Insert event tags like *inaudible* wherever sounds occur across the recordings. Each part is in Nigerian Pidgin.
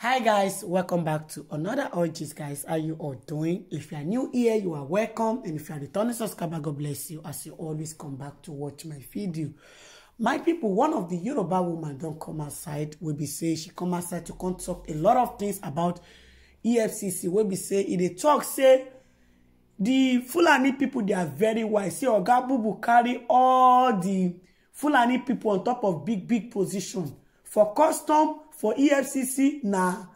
hi guys welcome back to another orgies guys how you all doing if you are new here you are welcome and if you are returning subscriber god bless you as you always come back to watch my video my people one of the yoruba woman don't come outside wey be say she come outside to come talk a lot of things about efcc wey be say in e dey talk say the fulani people they are very wise See oga bubu carry all the fulani people on top of big big position for custom for efcc na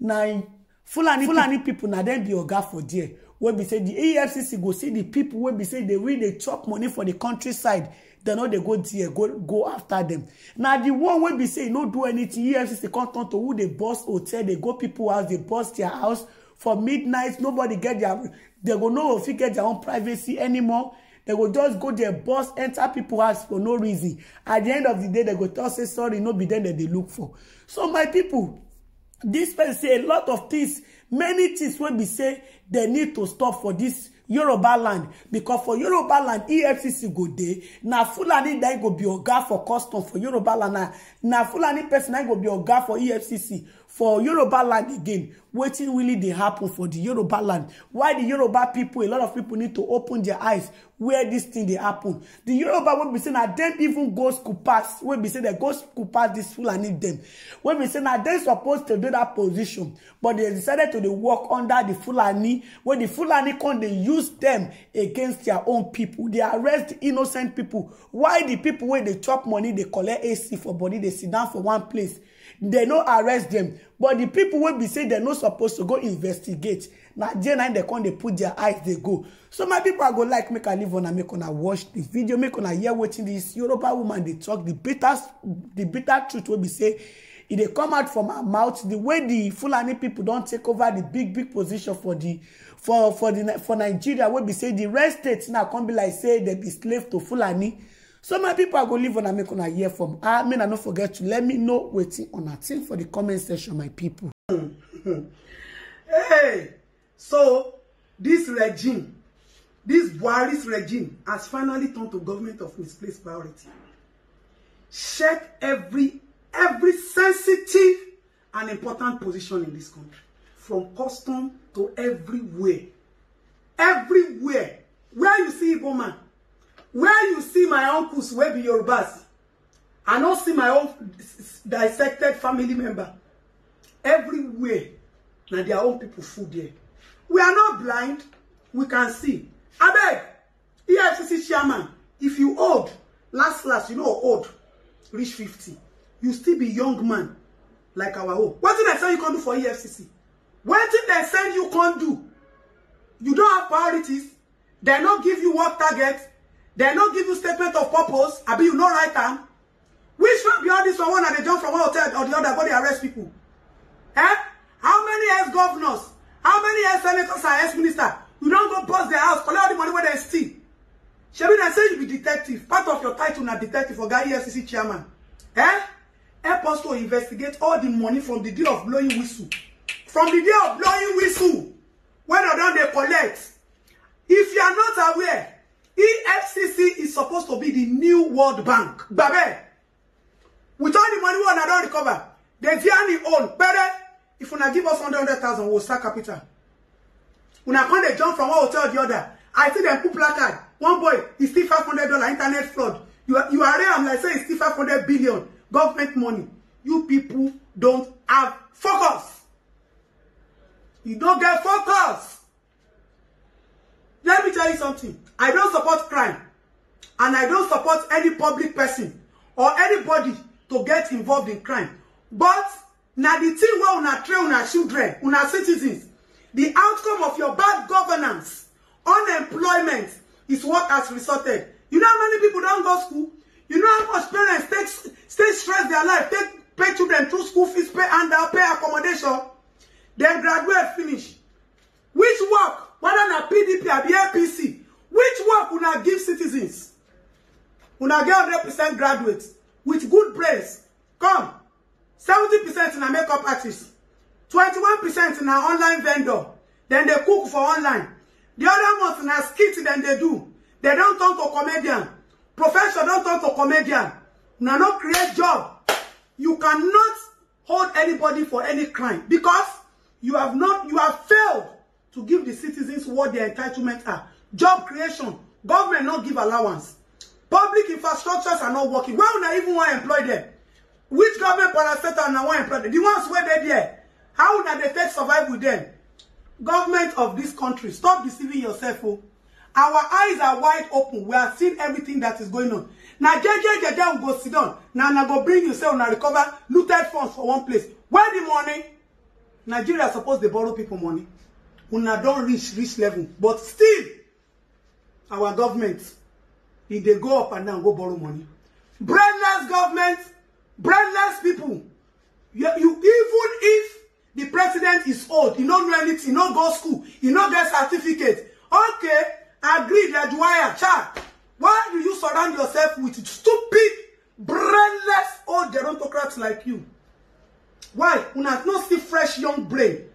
na fulani fulani people, na dem be oga for there wey be say the efcc go see the people? wey be say dey really dey chop money for the countryside dem no dey go there go go after dem na the one wey be say e no do anything efcc come turn to who dey burst hotel dey go people house dey burst their house for midnight nobody get their. they go no fit get dia own privacy anymore They go just go there bus, enter people house for no reason at the end of the day they go tell say sorry no be them that they look for so my people this person say a lot of things many things wey be say they need to stop for this yoruba land because for yoruba land efcc go day. na fulani na go be oga for custom for yoruba land na fulani person na go be oga for efcc for yoruba land again wetin really dey happen for di yoruba land why di yoruba pipo a lot of pipo need to open dia eyes where dis tin dey happen di yoruba wey be say na dem even go school pass wey be say dem go school pass dis fulani dem wey be say na dem suppose to do dat position but dem decided to dey work under di fulani wey di fulani come, dey use dem against dia own pipo dey arrest innocent pipo Why di pipo wey dey chop money dey collect ac for body dey sit down for one place They no arrest them, but the people will be say dem no supposed to go investigate Now, j9 dem come they put their eyes they go so my people are go like make i live on, make I watch this video make I hear watching this. yoruba woman they talk the bitter the bitter truth will be say if e they come out from her mouth The way the fulani people don't take over the big big position for the for for the for nigeria will be say the red states now come be like say they be slave to fulani so my pipo i go leave on and make una hear from I mean, i no forget to let me know Waiting on una think for the comment section my people. *laughs* hey so this regime this buhari's regime has finally turned to government of misplaced priority check every every sensitive and important position in this country from custom to everywhere everywhere where you see igbo man where you see my uncles wey be yorubas i no see my own dissected family member everywhere na their own people full there we are not blind we can see abeg efcc chairman if you old last last you no old reach fifty, you still be young man like our own wetin dem say you come do for efcc wetin dem send you come do you don have priorities dem no give you work target They no give you statement of purpose I be you no right am which one be all this one one and they jump from one hotel or di other go they arrest people? eh how many ex-governors how many ex-senators and ex minister you don't go bust their house collect all the money where they steal shebi dem say you be detective part of your title na detective oga efcc chairman eh help us to investigate all the money from the deal of blowing whistle from the deal of blowing whistle wey dem don dey collect if you are not aware EFCC is supposed to be the new World Bank. Babe, with all the money we don't recover, they Vianney own. Better if una give us 100,000, we'll start capital. Una come they jump from one hotel to the other. I see them put placard. One boy, he steal $500 internet fraud. You, you array am like say he steal 500 billion government money. You people don't have focus. You don't get focus tell you something. I don't support crime. And I don't support any public person or anybody to get involved in crime. But now the thing where una train una children, our citizens, the outcome of your bad governance, unemployment is what has resulted. You know how many people don't go school? You know how much parents take, stay stress their life, take, pay children through school fees, pay and pay accommodation. Then graduate, finish. Which work whether na pdp or abi apc which work una give citizens una get 100 graduates with good brains come 70% percent na makeup artist 21% one percent na online vendor Then they cook for online the other ones na skit dem they do They don't talk to comedian Professor don't talk to comedian una not create job you cannot hold anybody for any crime because you have not you have failed to give the citizens what their entitlements are. Job creation, government not give allowance. Public infrastructures are not working. Why would I even want to employ them? Which government parastatal and want employ The ones where they're there. How would they take survive with them? Government of this country, stop deceiving yourself. Oh. Our eyes are wide open. We are seeing everything that is going on. Now, JJ, JJ will go sit down. Now, now go bring yourself and recover looted funds for one place. Where the money? Nigeria supposed to borrow people money una don reach this level but still our government e dey go up and down go borrow money brainless government brainless people you, even if the president is old he no know anything he no go school he no get certificate okay agree like wire child why do you surround yourself with stupid brainless old gerontocrats like you why una no see fresh young brain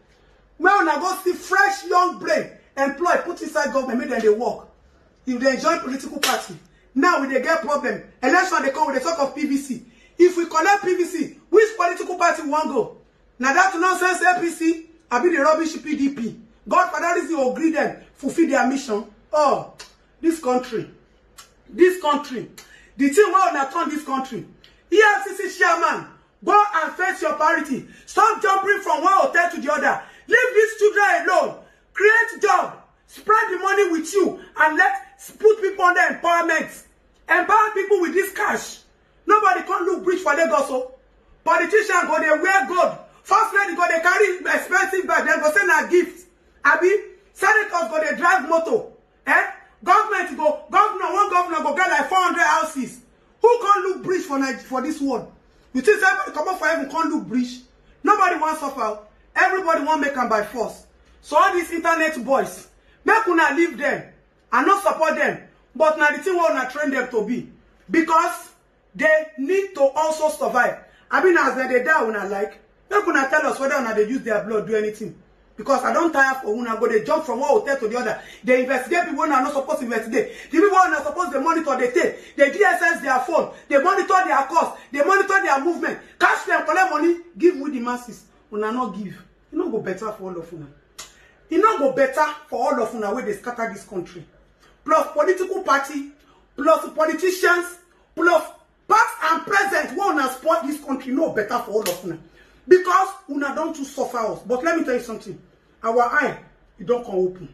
May una go see fresh young brain employed, put inside government, make them they work. If they join political party, now we dey get problem. Election they come with the talk of PVC. If we collect PVC, which political party we wan go? Na that nonsense APC, abi the rubbish PDP. Godfather reason will agree them fulfill their mission. Oh, this country, this country, the thing wey una turn this country. EFCC chairman, go and face your parity. Stop jumping from one hotel to the other. Leave these children alone. Create job. Spread the money with you and let put people under empowerment. Empower people with this cash. Nobody can look rich for Lagos. also. Oh. Politicians go, they wear gold. First lady go, they carry expensive bag, then go send her gift. Abi, senators go, they drive moto. Eh? Government go, governor, one governor go get like 400 houses. Who can't look bridge for, for this one? You think somebody come up for heaven can't look bridge? Nobody wants suffer. Oh everybody want make them by force so all these internet boys make una leave them and not support them. but now the thing we want to train them to be because they need to also survive i mean as they die, die una like make una tell us whether una dey use their blood do anything because i don't tire for una go They jump from one hotel to the other They investigate people who are not supposed to investigate the people wey una supposed to monitor dey take dey dss their phone They monitor their cost They monitor their movement Cash them, collect money give with the masses una not give e no go better for all of una e no go better for all of una wey they scatter this country plus political party plus politicians plus past and present wey una spoil this country no better for all of una because una don to suffer us but let me tell you something our eye it e don't come open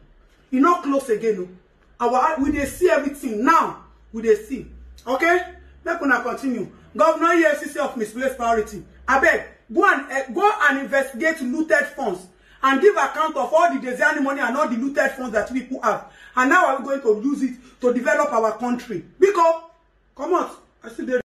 e no close again o oh. our eye we dey see everything now we dey see okay make una continue governor efcc of misplaced priority abeg go and uh, go and investigate looted funds and give account of all the Desiani money and all the looted funds that people have. And now are we going to use it to develop our country? Because, come on, I see the